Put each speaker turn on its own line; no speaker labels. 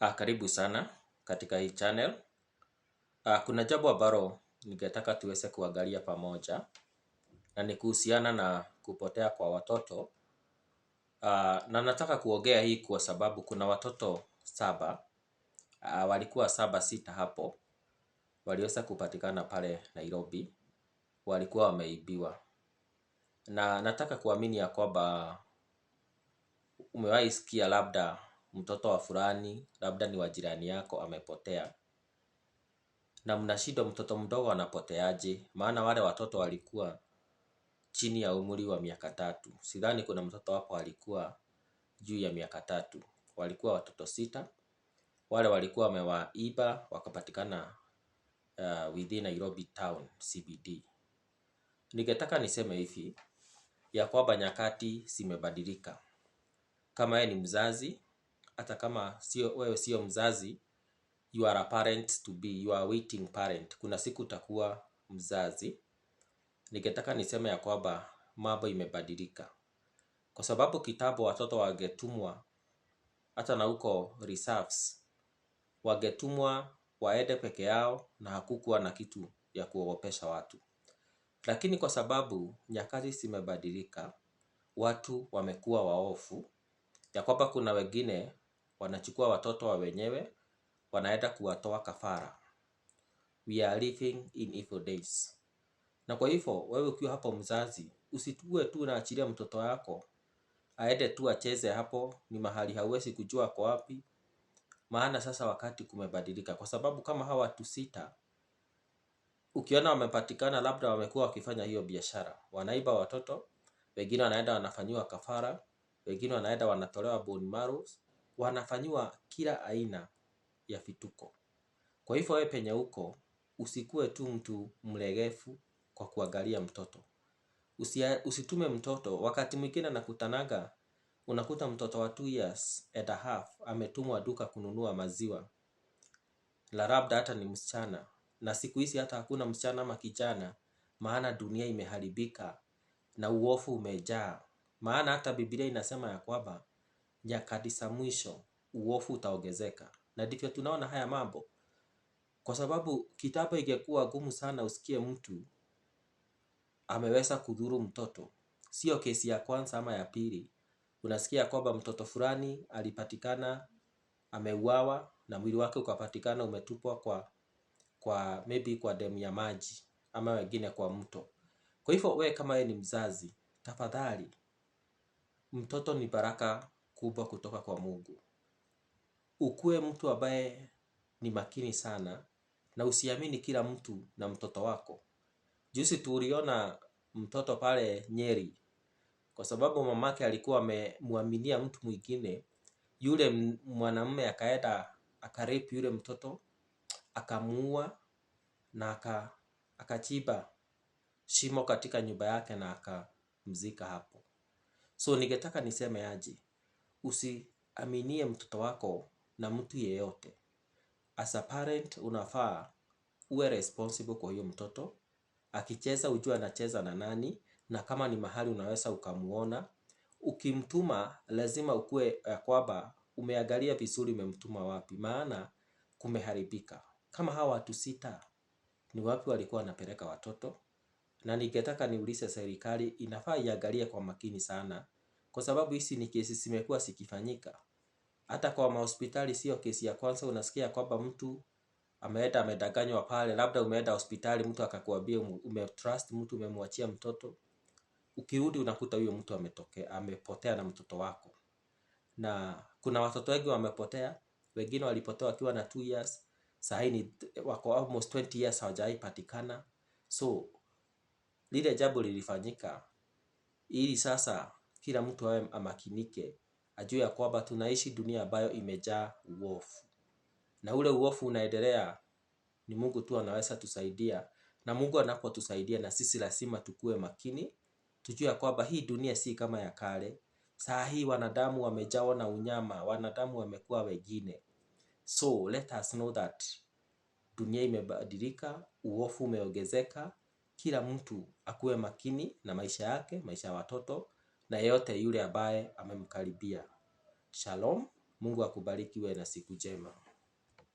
Ah, karibu sana katika hii channel. Ah, kuna jambo ambalo ningetaka tuweze kuangalia pamoja na ni kuhusiana na kupotea kwa watoto. Ah, na nataka kuongea hii kwa sababu kuna watoto saba ah, walikuwa saba sita hapo waliweza kupatikana pale Nairobi, walikuwa wameibiwa, na nataka kuamini ya kwamba umewahi sikia labda mtoto wa fulani, labda ni wa jirani yako amepotea. Na shida mtoto mdogo anapoteaje, maana wale watoto walikuwa chini ya umri wa miaka tatu. Sidhani kuna mtoto wapo alikuwa juu ya miaka tatu. Walikuwa watoto sita, wale walikuwa wamewaiba wakapatikana uh, within Nairobi town CBD. Ningetaka niseme hivi ya kwamba nyakati zimebadilika. Kama yeye ni mzazi hata kama sio wewe sio mzazi, you are a parent to be, you are waiting parent. Kuna siku utakuwa mzazi. Ningetaka niseme ya kwamba mambo imebadilika, kwa sababu kitabu watoto wangetumwa hata na huko reserves, wangetumwa waende peke yao na hakukuwa na kitu ya kuogopesha watu, lakini kwa sababu nyakati zimebadilika, watu wamekuwa waofu ya kwamba kuna wengine wanachukua watoto wa wenyewe, wanaenda kuwatoa kafara. We are living in evil days. Na kwa hivyo wewe ukiwa hapo mzazi, usitue tu naachilia mtoto wako aende tu acheze hapo, ni mahali hauwezi kujua kwa wapi, maana sasa wakati kumebadilika, kwa sababu kama hawa watu sita ukiona wamepatikana, labda wamekuwa wakifanya hiyo biashara, wanaiba watoto, wengine wanaenda wanafanyiwa kafara, wengine wanaenda wanatolewa bone marrows, wanafanyiwa kila aina ya vituko. Kwa hivyo wewe penye uko usikue tu mtu mlegefu kwa kuangalia mtoto. Usitume mtoto wakati mwingine kutanaga, unakuta mtoto wa 2 years and a half ametumwa duka kununua maziwa. La labda hata ni msichana na siku hizi hata hakuna msichana ama kijana maana dunia imeharibika na uovu umejaa. Maana hata Biblia inasema ya kwamba nyakati za mwisho uofu utaongezeka. Na ndivyo tunaona haya mambo, kwa sababu kitapo ingekuwa gumu sana usikie mtu ameweza kudhuru mtoto. Sio kesi ya kwanza ama ya pili, unasikia kwamba mtoto fulani alipatikana ameuawa na mwili wake ukapatikana umetupwa kwa kwa maybe kwa demu ya maji ama wengine kwa mto. Kwa hivyo we kama ye ni mzazi, tafadhali mtoto ni baraka kubwa kutoka kwa Mungu. Ukuwe mtu ambaye ni makini sana na usiamini kila mtu na mtoto wako. Juzi tuliona mtoto pale Nyeri kwa sababu mamake alikuwa amemwaminia mtu mwingine, yule mwanamume akaenda akarepi yule mtoto akamuua na akachiba shimo katika nyumba yake na akamzika hapo. So ningetaka niseme aje, Usiaminie mtoto wako na mtu yeyote. As a parent unafaa uwe responsible kwa huyo mtoto. Akicheza ujue anacheza na nani na kama ni mahali unaweza ukamuona. Ukimtuma lazima ukue ya eh, kwamba umeangalia vizuri umemtuma wapi maana kumeharibika. Kama hawa watu sita ni wapi walikuwa wanapeleka watoto. Na ningetaka niulize serikali inafaa iangalie kwa makini sana kwa sababu hizi ni kesi zimekuwa zikifanyika. Hata kwa mahospitali sio kesi ya kwanza unasikia kwamba mtu ameenda amedanganywa pale, labda umeenda hospitali mtu akakuambia umetrust mtu umemwachia mtoto. Ukirudi unakuta huyo mtu ametokea, amepotea na mtoto wako. Na kuna watoto wengi wamepotea, wengine walipotea wakiwa na 2 years, sahii ni wako almost 20 years hawajawai patikana. So lile jambo lilifanyika ili sasa kila mtu awe amakinike, ajue ya kwamba tunaishi dunia ambayo imejaa uovu, na ule uovu unaendelea. Ni Mungu tu anaweza tusaidia, na Mungu anapotusaidia na sisi lazima tukue makini, tujue ya kwamba hii dunia si kama ya kale. Saa hii wanadamu wamejawa na unyama, wanadamu wamekuwa wengine. So let us know that dunia imebadilika, uovu umeongezeka. Kila mtu akuwe makini na maisha yake, maisha ya watoto, na yeyote yule ambaye amemkaribia. Shalom, Mungu akubariki, uwe na siku njema.